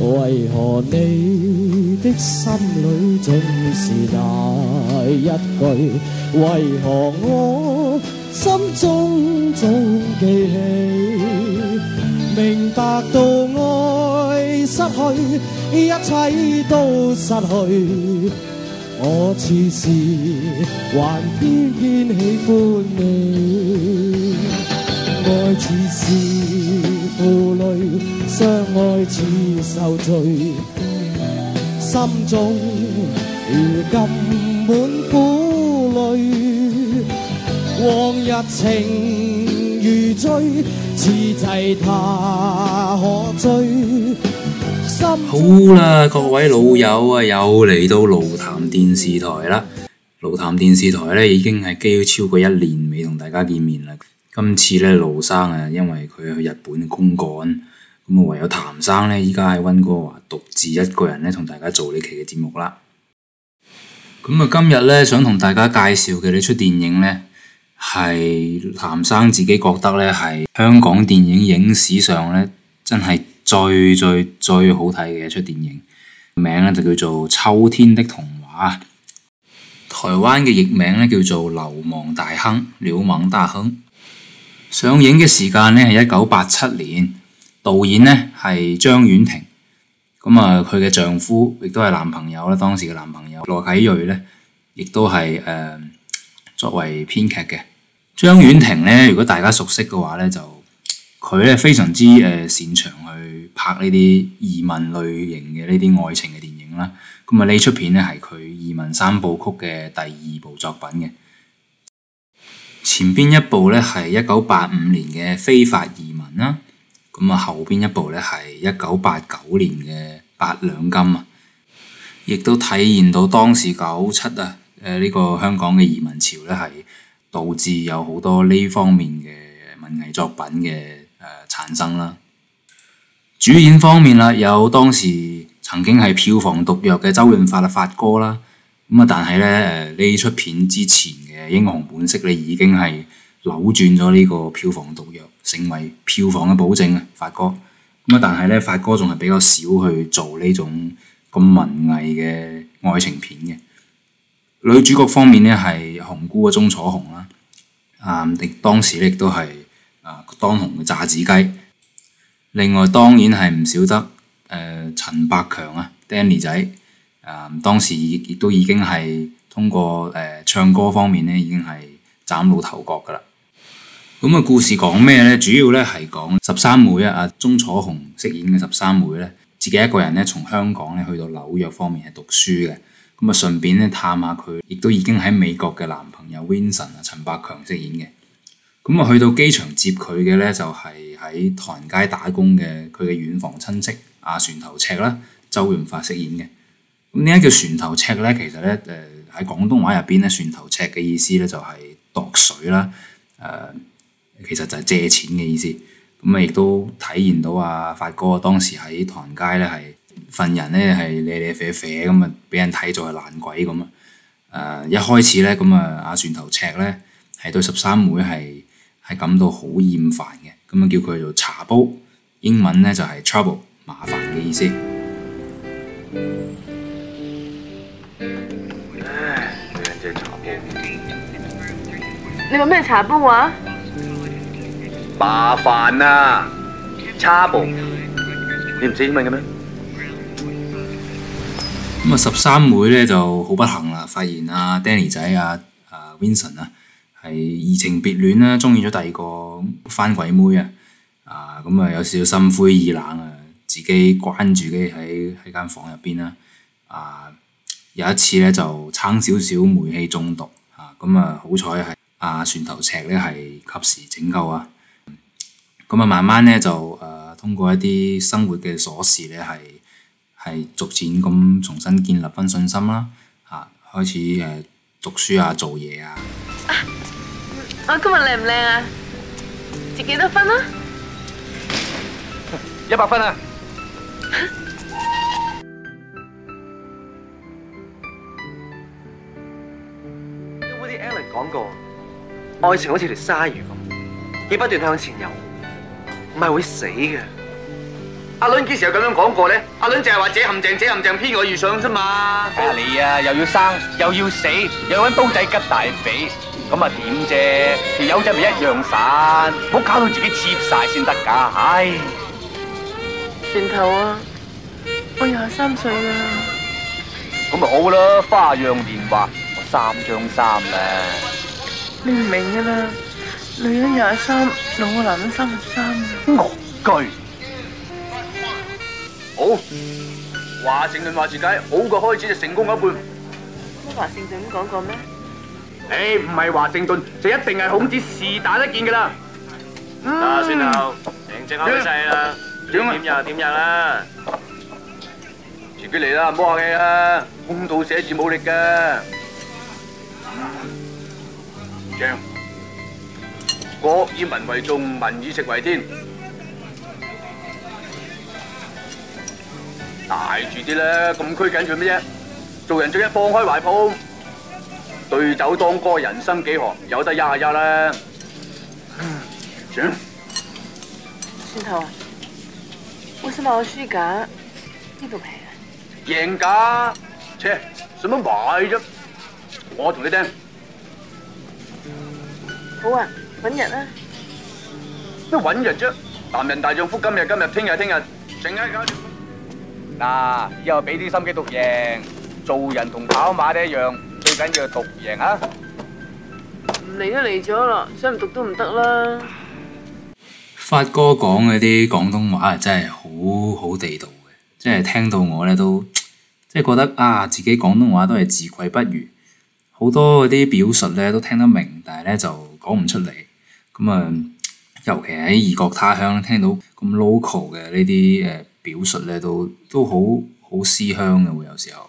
為何你的心裏總是那一句？為何我心中總記起？明白到愛失去，一切都失去。我似是還偏偏喜歡你，愛似是。負累相愛似受罪，心中如如今滿苦淚，往日情如醉，此際可追？好啦，各位老友啊，又嚟到爐譚電視台啦！爐譚電視台呢，已經係幾乎超過一年未同大家見面啦。今次咧，盧生啊，因為佢去日本公幹，咁啊唯有譚生咧，依家喺溫哥華獨自一個人咧，同大家做呢期嘅節目啦。咁啊，今日咧想同大家介紹嘅呢出電影咧，係譚生自己覺得咧係香港電影影史上咧真係最最最好睇嘅一出電影，名咧就叫做《秋天的童話》，台灣嘅譯名咧叫做《流氓大亨》，《鳥猛大亨》。上映嘅時間咧係一九八七年，導演咧係張婉婷，咁啊佢嘅丈夫亦都係男朋友啦，當時嘅男朋友羅啟銳咧，亦都係誒作為編劇嘅。張婉婷咧，如果大家熟悉嘅話咧，就佢咧非常之誒擅長去拍呢啲移民類型嘅呢啲愛情嘅電影啦。咁啊呢出片咧係佢移民三部曲嘅第二部作品嘅。前邊一部咧係一九八五年嘅非法移民啦，咁啊後邊一部咧係一九八九年嘅八兩金啊，亦都體現到當時九七啊，誒呢個香港嘅移民潮咧係導致有好多呢方面嘅文藝作品嘅誒產生啦。主演方面啦，有當時曾經係票房毒藥嘅周潤發啊，發哥啦，咁啊但係咧誒呢出片之前，英雄本色，咧已經係扭轉咗呢個票房毒藥，成為票房嘅保證啊，發哥。咁啊，但係咧，發哥仲係比較少去做呢種咁文藝嘅愛情片嘅。女主角方面呢係紅姑嘅鍾楚紅啦，啊，當時咧亦都係啊當紅嘅炸子雞。另外，當然係唔少得誒陳、呃、百強啊，Danny 仔啊，當時亦都已經係。通過誒唱歌方面咧，已經係斬露頭角噶啦。咁啊，故事講咩咧？主要咧係講十三妹啊，阿鐘楚紅飾演嘅十三妹咧，自己一個人咧，從香港咧去到紐約方面係讀書嘅。咁啊，順便咧探下佢，亦都已經喺美國嘅男朋友 Vincent 啊，陳百強飾演嘅。咁啊，去到機場接佢嘅咧，就係喺唐人街打工嘅佢嘅遠房親戚阿船頭赤啦，周潤發飾演嘅。咁點解叫船頭赤咧？其實咧誒。喺廣東話入邊咧，船頭尺嘅意思咧就係、是、度水啦。誒、呃，其實就係、是、借錢嘅意思。咁啊，亦都體現到啊，發哥當時喺唐人街咧，係份人咧係瀨瀨啡啡咁啊，俾人睇做係爛鬼咁啊。誒，一開始咧，咁啊，阿船頭尺咧，係對十三妹係係感到好厭煩嘅，咁啊，叫佢做茶煲，英文咧就係、是、trouble，麻煩嘅意思。你話咩茶煲啊？麻煩啊，茶煲，你唔知英文嘅咩？咁啊，十三妹咧就好不幸啦，發現阿 Danny 仔啊、阿 Vincent 啊係移情別戀啦，中意咗第二個番鬼妹啊，啊咁啊有少少心灰意冷啊，自己關住自己喺喺間房入邊啦，啊。有一次咧就撐少少煤氣中毒啊，咁啊好彩係阿船頭尺咧係及時拯救啊，咁、嗯、啊、嗯、慢慢咧就誒、啊、通過一啲生活嘅鎖匙咧係係逐漸咁重新建立翻信心啦、啊，啊開始誒、啊、讀書啊做嘢啊,啊，我今日靚唔靚啊？自己得幾多分啊？一百分啊！ 講過，愛情好似條鯊魚咁，要不斷向前游，唔係會死嘅。阿倫幾時有咁樣講過咧？阿倫淨係話姐陷阱，姐陷阱」，偏我遇上啫嘛。睇下你啊，又要生，又要死，又要揾刀仔拮大髀。咁啊點啫？條友仔咪一樣散，唔好搞到自己切晒先得噶。唉，船頭啊，我廿三歲啦，咁咪好咯，花樣年華。三張三啦，你唔明噶啦，女人廿三，老個男人三十三。惡句，好，華盛頓話自己，好個開始就成功一半。乜華盛頓咁講過咩？誒，唔係華盛頓就一定係孔子是但一件噶啦。得啦，孫頭，成隻口都細啦，點入點入啦，自己嚟啦，唔好客氣啊，空肚寫字冇力噶。將我、嗯、以民為重，民以食為天。大住啲啦，咁拘謹做咩啫？做人最緊放開懷抱，對酒當歌，人生幾何，有得一啊一啦。將、嗯、棒蒜頭，我想買個輸架，架呢度平。贏架，切，使乜買啫？我同你聽好啊，揾日啦，咩揾日啫。男人大丈夫，今日今日，聽日聽日，整下搞掂。嗱，以後畀啲心機讀贏，做人同跑馬咧一樣，最緊要係讀贏啊！唔嚟都嚟咗啦，想唔讀都唔得啦。發哥講嗰啲廣東話啊，真係好好地道嘅，真係聽到我咧都即係覺得啊，自己廣東話都係自愧不如。好多嗰啲表述咧都聽得明，但係咧就講唔出嚟。咁、嗯、啊，尤其喺異國他鄉聽到咁 local 嘅呢啲誒表述咧，都都好好思鄉嘅會，有時候。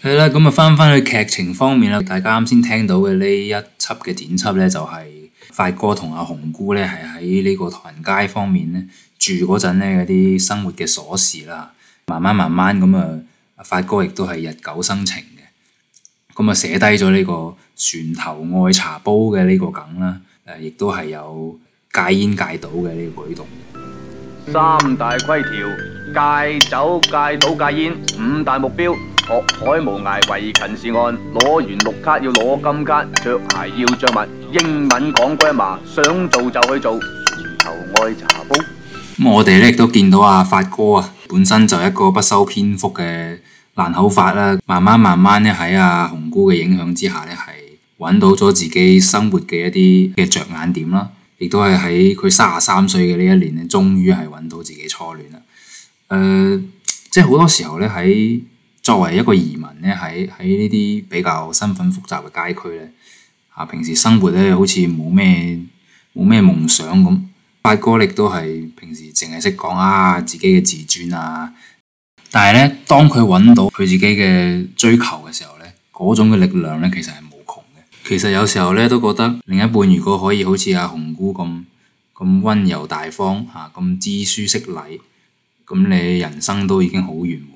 係啦，咁啊，翻翻去劇情方面啦，大家啱先聽到嘅呢一輯嘅剪輯咧、就是，就係發哥同阿紅姑咧，係喺呢個唐人街方面咧住嗰陣咧嗰啲生活嘅瑣事啦，慢慢慢慢咁啊，阿發哥亦都係日久生情。咁啊，寫低咗呢個船頭愛茶煲嘅呢個梗啦，誒，亦都係有戒煙戒賭嘅呢個舉動。三大規條：戒酒、戒賭、戒煙；五大目標：學海無涯、為勤是岸；攞完綠卡要攞金卡，著鞋要著襪，英文講句嘛，想做就去做。船頭愛茶煲。咁我哋咧亦都見到啊，發哥啊，本身就係一個不修邊幅嘅。爛口法啦、啊，慢慢慢慢咧喺阿紅姑嘅影響之下咧，係揾到咗自己生活嘅一啲嘅着眼點啦，亦都係喺佢三十三歲嘅呢一年咧，終於係揾到自己初戀啦。誒、呃，即係好多時候咧，喺作為一個移民咧，喺喺呢啲比較身份複雜嘅街區咧，啊，平時生活咧好似冇咩冇咩夢想咁，發哥亦都係平時淨係識講啊自己嘅自尊啊。但係咧，當佢揾到佢自己嘅追求嘅時候咧，嗰種嘅力量咧，其實係無窮嘅。其實有時候咧，都覺得另一半如果可以好似阿紅姑咁咁溫柔大方吓，咁、啊、知書識禮，咁你人生都已經好圓滿。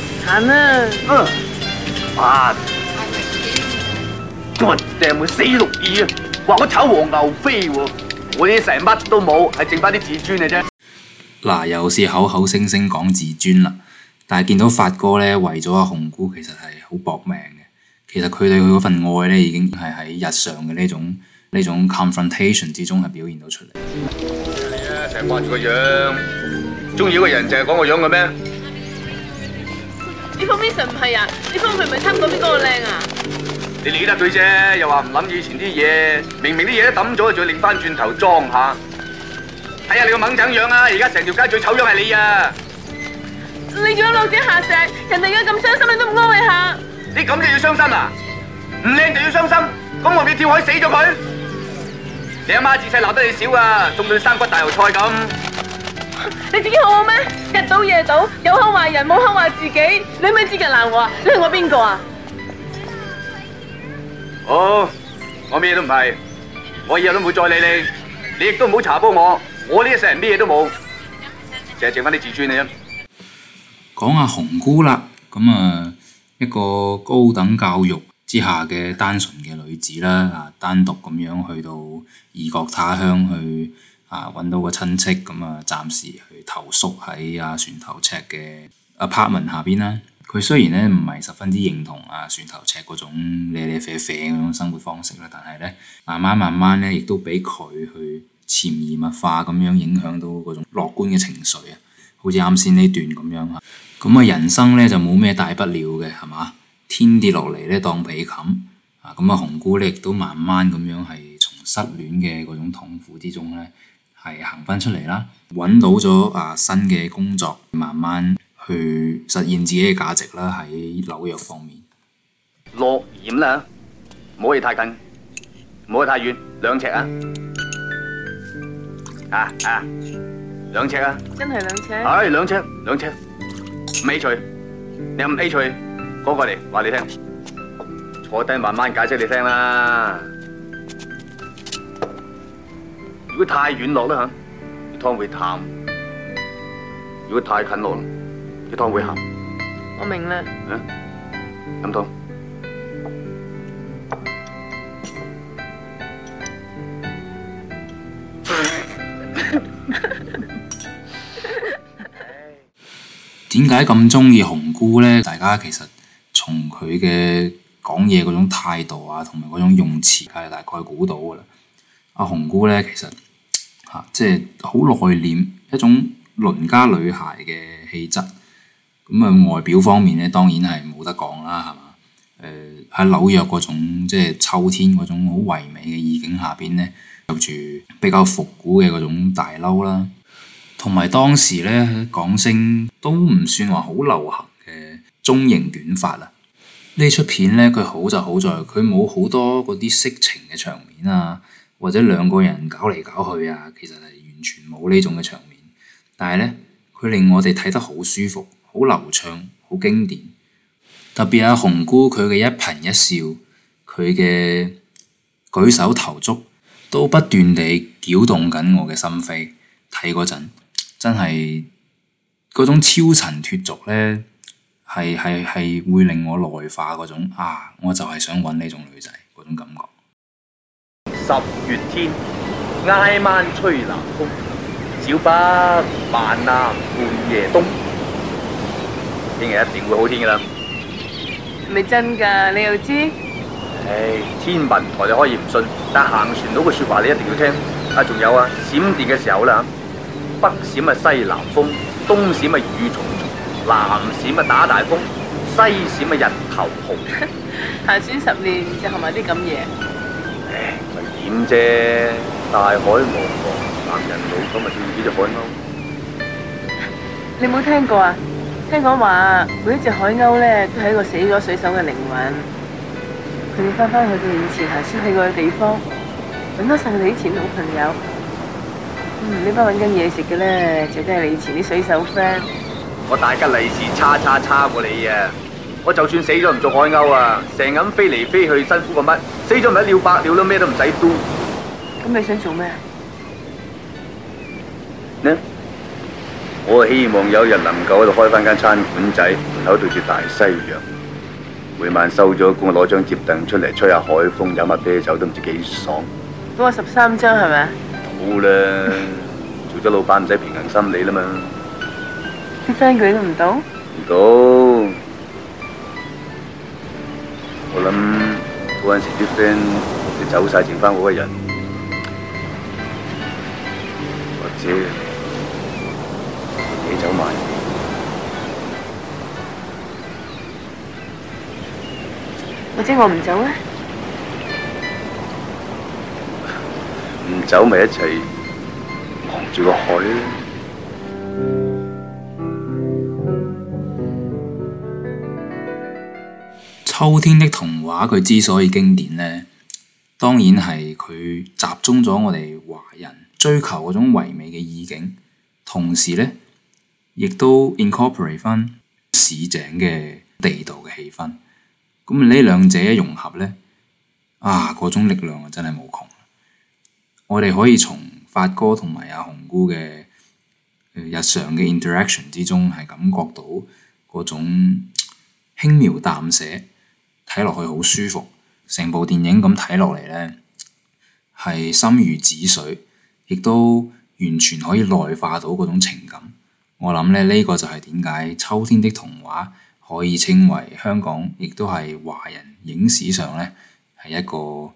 難啊！嗯、啊，今日強去死六二啊！話我炒黃牛飛喎，我啲成日乜都冇，係剩翻啲自尊嘅啫。嗱、啊，又是口口聲聲講自尊啦，但係見到發哥咧為咗阿紅姑其，其實係好搏命嘅。其實佢對佢嗰份愛咧，已經係喺日常嘅呢種呢種 confrontation 之中係表現到出嚟。你啊、哎，成日掛住個樣，中意一個人就係講個樣嘅咩？呢方面成唔係啊？你方佢唔係差唔多邊個靚啊？你理得佢啫，又話唔諗以前啲嘢，明明啲嘢都抌咗，仲要擰翻轉頭裝下。睇、哎、下你個猛頸樣啊！而家成條街最醜樣係你啊！你仲有落井下石，人哋而家咁傷心你都唔安慰下。你咁就要傷心啊！唔靚就要傷心？咁我叫跳海死咗佢。你阿媽自細鬧得你少啊，中到啲生骨大油菜咁。你自己好好咩？日到夜到，有口話人，冇口話自己，你有咩資格鬧我啊？你係我邊個啊？哦，我咩都唔係，我以後都唔會再理你，你亦都唔好查波我，我呢世人咩都冇，淨係剩翻啲自尊你啊！講下紅姑啦，咁啊一個高等教育之下嘅單純嘅女子啦，啊單獨咁樣去到異國他鄉去。啊！揾到個親戚咁啊、嗯，暫時去投宿喺阿、啊、船頭尺嘅 apartment 下邊啦。佢雖然咧唔係十分之認同啊船頭尺嗰種瀨瀨啡啡嗰種生活方式啦，但係咧慢慢慢慢咧亦都俾佢去潛移默化咁樣影響到嗰種樂觀嘅情緒啊。好似啱先呢段咁樣嚇，咁啊人生咧就冇咩大不了嘅係嘛？天跌落嚟咧當被冚啊！咁啊紅姑咧亦都慢慢咁樣係從失戀嘅嗰種痛苦之中咧～係行翻出嚟啦，揾到咗啊新嘅工作，慢慢去實現自己嘅價值啦。喺紐約方面，落鹽啦，唔可以太近，唔可以太遠，兩尺啊，啊啊，兩尺啊，真係兩尺，係兩尺、哎、兩尺，A 錘，你唔 A 錘，哥過嚟話你聽，坐低慢慢解釋你聽啦。如果太遠落啦吓，啲、啊、湯會淡；如果太近落啦，啲湯會鹹。我明啦。咁多、啊。飲湯。點解咁中意紅姑咧？大家其實從佢嘅講嘢嗰種態度啊，同埋嗰種用詞，係大概估到噶啦。阿紅姑咧，其實嚇、啊、即係好內斂，一種鄰家女孩嘅氣質。咁、嗯、啊，外表方面咧，當然係冇得講啦，係嘛？誒、呃、喺紐約嗰種即係秋天嗰種好唯美嘅意境下邊咧，着住比較復古嘅嗰種大褸啦，同埋當時咧港星都唔算話好流行嘅中型短髮啦。呢出片咧，佢好就好在佢冇好多嗰啲色情嘅場面啊。或者兩個人搞嚟搞去啊，其實係完全冇呢種嘅場面。但係咧，佢令我哋睇得好舒服、好流暢、好經典。特別阿紅姑佢嘅一顰一笑，佢嘅舉手投足，都不斷地攪動緊我嘅心扉。睇嗰陣真係嗰種超塵脫俗咧，係係係會令我內化嗰種啊，我就係想揾呢種女仔嗰種感覺。十月天，挨晚吹南風，朝北晚南半夜冬，聽日一定會好天噶啦。係咪真噶，你又知？唉、哎，天文台你可以唔信，但行船佬嘅說話你一定要聽。啊，仲有啊，閃電嘅時候啦、啊，北閃啊西南風，東閃啊雨重重，南閃啊打大風，西閃啊人頭紅。行船 十年就學埋啲咁嘢。危險啫！大海茫茫，男人老咁咪叫幾隻海鷗。你冇聽過啊？聽講話每一隻海鷗咧，都係一個死咗水手嘅靈魂。佢哋翻翻去佢以前行船去過嘅地方，揾多晒佢以前好朋友。嗯，你不揾緊嘢食嘅咧，就都係你以前啲水手 friend。我大吉利是叉叉叉過你啊！我就算死咗唔做海鷗啊，成日咁飛嚟飛去辛苦過乜？死咗咪一了百了咯，咩都唔使 do。咁你想做咩？呢？我希望有人能夠喺度開翻間餐館仔，門口對住大西洋，每晚收咗工攞張折凳出嚟吹下海風，飲下啤酒都唔知幾爽。賭啊十三張係咪啊？好啦，做咗老闆唔使平衡心理啦嘛。十三句都唔到？唔到。嗰陣時啲 friend 都走晒，剩翻我一個人，或者你走埋，或者我唔走咧，唔走咪一齊望住個海。《秋天的童話》佢之所以經典呢，當然係佢集中咗我哋華人追求嗰種唯美嘅意境，同時呢亦都 incorporate 翻市井嘅地道嘅氣氛。咁呢兩者一融合呢啊，嗰種力量啊真係無窮。我哋可以從發哥同埋阿紅姑嘅日常嘅 interaction 之中，係感覺到嗰種輕描淡寫。睇落去好舒服，成部電影咁睇落嚟呢，係心如止水，亦都完全可以內化到嗰種情感。我諗咧呢個就係點解《秋天的童話》可以稱為香港，亦都係華人影史上呢，係一個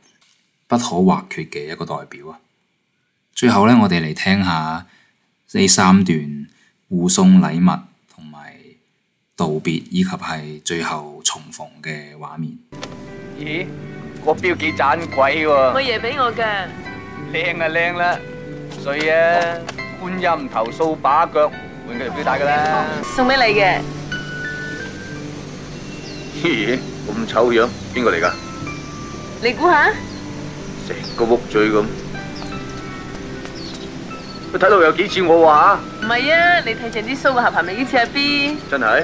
不可或缺嘅一個代表啊！最後呢，我哋嚟聽下呢三段互送禮物。道別以及係最後重逢嘅畫面。咦，個表幾盞鬼喎？我爺俾我噶，靚就靚啦，衰啊！觀音頭掃把腳，換佢條表帶噶啦。送俾你嘅。嘻嘻，咁醜樣，邊個嚟噶？你估下？成個污醉咁，佢睇到有幾似我啊？唔係啊，你睇正啲蘇嘅合拍咪幾似阿 B？真係。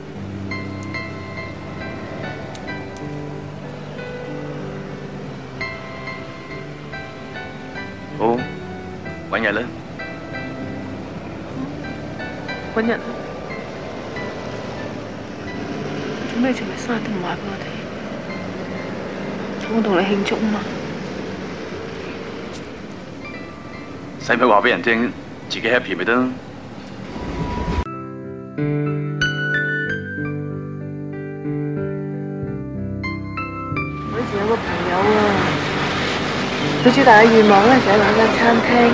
我年輪，我忍。今日請你送啲禮物俾我哋，幫我同你慶祝啊嘛！使咩話俾人知，自己 happy 咪得？我以前有個朋友啊，佢最大嘅願望呢就係揾間餐廳。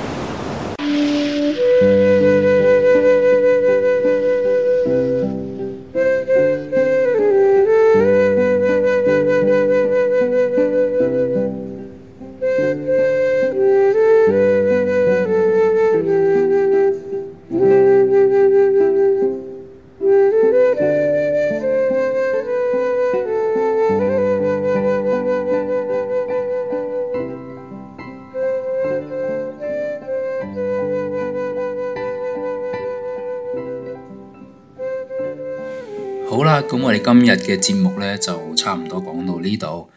咁我哋今日嘅節目呢，就差唔多講到呢度，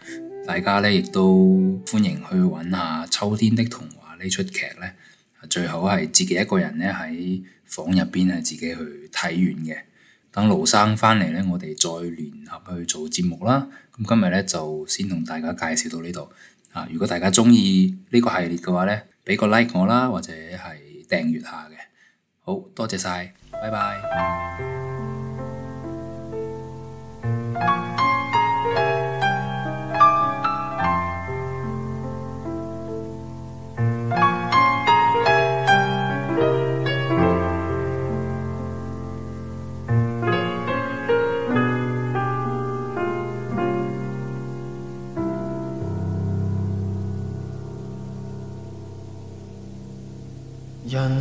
大家呢，亦都歡迎去揾下《秋天的童話》呢齣劇呢。最好係自己一個人呢，喺房入邊係自己去睇完嘅。等盧生翻嚟呢，我哋再聯合去做節目啦。咁今日呢，就先同大家介紹到呢度。啊，如果大家中意呢個系列嘅話呢，俾個 like 我啦，或者係訂閱下嘅。好多謝晒，拜拜。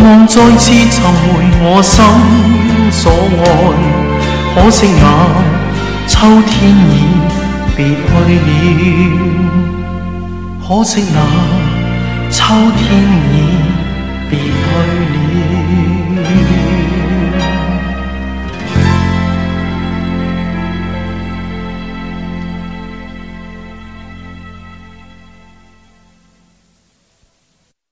望再次尋回我心所愛。可惜那、啊、秋天已別去了，可惜那、啊、秋天已別去了。